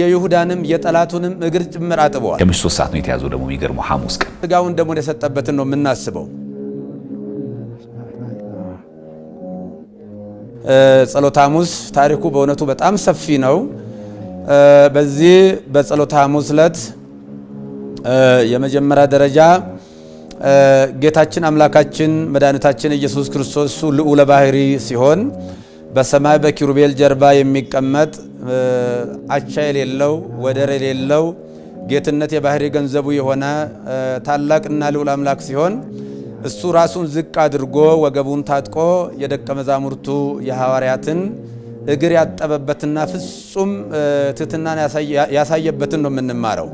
የይሁዳንም የጠላቱንም እግር ጭምር አጥበዋል። ከምሽቱ ሶስት ሰዓት ነው የተያዘው። ደግሞ የሚገርመው ሐሙስ ቀን ስጋውን ደግሞ የሰጠበትን ነው የምናስበው። ጸሎተ ሐሙስ ታሪኩ በእውነቱ በጣም ሰፊ ነው። በዚህ በጸሎተ ሐሙስ ዕለት የመጀመሪያ ደረጃ ጌታችን አምላካችን መድኃኒታችን ኢየሱስ ክርስቶስ ልዑለ ባሕሪ ሲሆን በሰማይ በኪሩቤል ጀርባ የሚቀመጥ አቻ የሌለው ወደር የሌለው ጌትነት የባህሪ ገንዘቡ የሆነ ታላቅና ልዑል አምላክ ሲሆን እሱ ራሱን ዝቅ አድርጎ ወገቡን ታጥቆ የደቀ መዛሙርቱ የሐዋርያትን እግር ያጠበበትና ፍጹም ትሕትናን ያሳየበትን ነው የምንማረው።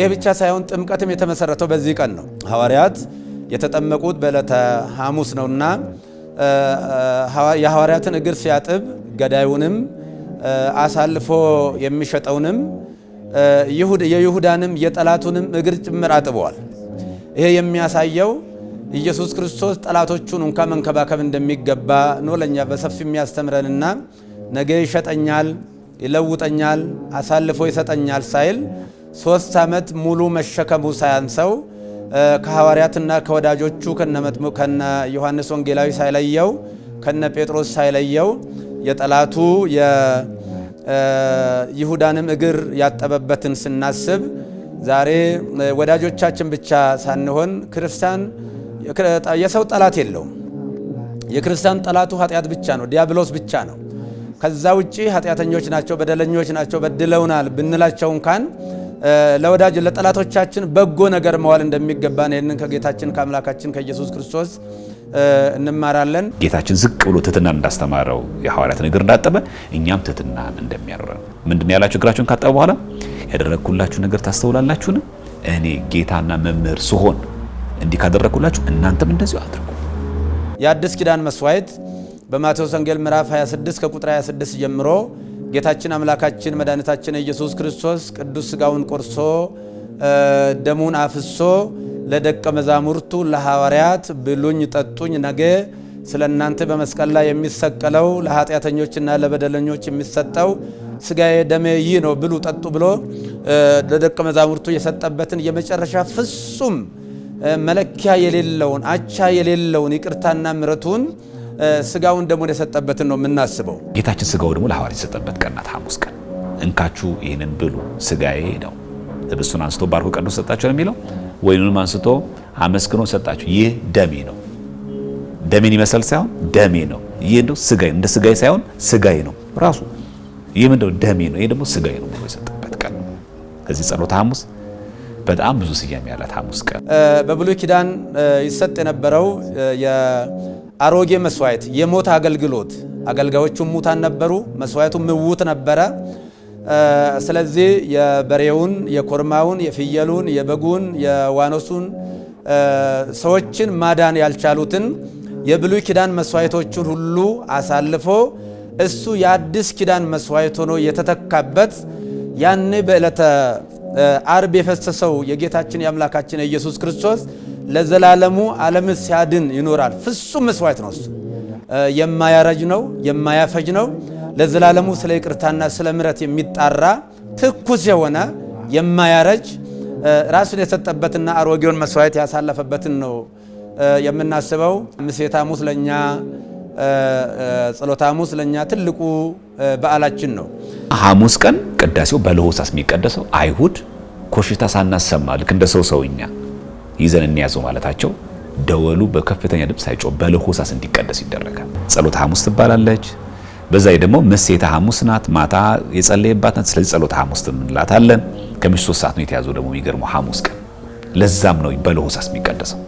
ይህ ብቻ ሳይሆን ጥምቀትም የተመሰረተው በዚህ ቀን ነው። ሐዋርያት የተጠመቁት በዕለተ ሐሙስ ነውና የሐዋርያትን እግር ሲያጥብ ገዳዩንም አሳልፎ የሚሸጠውንም የይሁዳንም የጠላቱንም እግር ጭምር አጥበዋል። ይሄ የሚያሳየው ኢየሱስ ክርስቶስ ጠላቶቹን እንኳ መንከባከብ እንደሚገባ ነው ለእኛ በሰፊ የሚያስተምረንና ነገ ይሸጠኛል፣ ይለውጠኛል፣ አሳልፎ ይሰጠኛል ሳይል ሶስት ዓመት ሙሉ መሸከሙ ሳያንሰው ከሐዋርያትና ከወዳጆቹ ከነመጥምቁ ከነ ዮሐንስ ወንጌላዊ ሳይለየው ከነ ጴጥሮስ ሳይለየው የጠላቱ የይሁዳንም እግር ያጠበበትን ስናስብ ዛሬ ወዳጆቻችን ብቻ ሳንሆን ክርስቲያን የሰው ጠላት የለውም። የክርስቲያን ጠላቱ ኃጢአት ብቻ ነው፣ ዲያብሎስ ብቻ ነው። ከዛ ውጪ ኃጢአተኞች ናቸው፣ በደለኞች ናቸው፣ በድለውናል ብንላቸው እንኳን ለወዳጅ ለጠላቶቻችን በጎ ነገር መዋል እንደሚገባን ይህንን ከጌታችን ከአምላካችን ከኢየሱስ ክርስቶስ እንማራለን። ጌታችን ዝቅ ብሎ ትህትና እንዳስተማረው የሐዋርያትን እግር እንዳጠበ እኛም ትህትናን እንደሚያኖረን ምንድን ያላችሁ እግራችሁን ካጠበ በኋላ ያደረግኩላችሁ ነገር ታስተውላላችሁን? እኔ ጌታና መምህር ስሆን እንዲህ ካደረግኩላችሁ እናንተም እንደዚሁ አድርጉ። የአዲስ ኪዳን መስዋዕት በማቴዎስ ወንጌል ምዕራፍ 26 ከቁጥር 26 ጀምሮ ጌታችን አምላካችን መድኃኒታችን ኢየሱስ ክርስቶስ ቅዱስ ሥጋውን ቆርሶ ደሙን አፍሶ ለደቀ መዛሙርቱ ለሐዋርያት ብሉኝ ጠጡኝ፣ ነገ ስለ እናንተ በመስቀል ላይ የሚሰቀለው ለኃጢአተኞችና ለበደለኞች የሚሰጠው ሥጋዬ ደሜ ይህ ነው ብሉ ጠጡ ብሎ ለደቀ መዛሙርቱ የሰጠበትን የመጨረሻ ፍጹም መለኪያ የሌለውን አቻ የሌለውን ይቅርታና ምረቱን ስጋውን ደሙን የሰጠበትን ነው የምናስበው። ጌታችን ስጋው ደግሞ ለሐዋርያት የሰጠበት ቀን ናት፣ ሐሙስ ቀን። እንካችሁ ይህንን ብሉ ስጋዬ ነው። ህብስቱን አንስቶ ባርኮ ቀድሶ ሰጣቸው ነው የሚለው ወይኑንም አንስቶ አመስግኖ ሰጣቸው። ይህ ደሜ ነው፣ ደሜን ይመስል ሳይሆን ደሜ ነው። ይህ እንደው ስጋዬ እንደ ስጋዬ ሳይሆን ስጋዬ ነው ራሱ። ይህ ምንድነው? ደሜ ነው። ይህ ደግሞ ስጋዬ ነው ብሎ የሰጠበት ቀን ነው። ከዚህ ጸሎተ ሐሙስ በጣም ብዙ ስያሜ ያላት ሐሙስ ቀን በብሉይ ኪዳን ይሰጥ የነበረው አሮጌ መስዋዕት፣ የሞት አገልግሎት አገልጋዮቹም ሙታን ነበሩ፣ መስዋዕቱም ምውት ነበረ። ስለዚህ የበሬውን፣ የኮርማውን፣ የፍየሉን፣ የበጉን፣ የዋኖሱን ሰዎችን ማዳን ያልቻሉትን የብሉይ ኪዳን መስዋዕቶቹን ሁሉ አሳልፎ እሱ የአዲስ ኪዳን መስዋዕት ሆኖ የተተካበት ያኔ በዕለተ አርብ የፈሰሰው የጌታችን የአምላካችን የኢየሱስ ክርስቶስ ለዘላለሙ ዓለም ሲያድን ይኖራል። ፍጹም መስዋዕት ነው። እሱ የማያረጅ ነው፣ የማያፈጅ ነው። ለዘላለሙ ስለ ይቅርታና ስለ ምሕረት የሚጣራ ትኩስ የሆነ የማያረጅ ራሱን የሰጠበትና አሮጌውን መስዋዕት ያሳለፈበትን ነው የምናስበው። ምሴተ ሐሙስ ለእኛ ጸሎተ ሐሙስ ለእኛ ትልቁ በዓላችን ነው። ሐሙስ ቀን ቅዳሴው በለሆሳስ የሚቀደሰው አይሁድ ኮሽታ ሳናሰማ ልክ እንደ ሰው ሰውኛ ይዘን እንያዘው ማለታቸው ደወሉ በከፍተኛ ድምፅ ሳይጮህ በለሆሳስ እንዲቀደስ ይደረጋል። ጸሎተ ሐሙስ ትባላለች። በዛ ደግሞ መሴታ ሐሙስ ናት፣ ማታ የጸለየባት ናት። ስለዚህ ጸሎተ ሐሙስ እንላታለን። ከምሽቱ ሶስት ሰዓት ነው የተያዘው ደግሞ የሚገርመው ሐሙስ ቀን። ለዛም ነው በለሆሳስ የሚቀደሰው።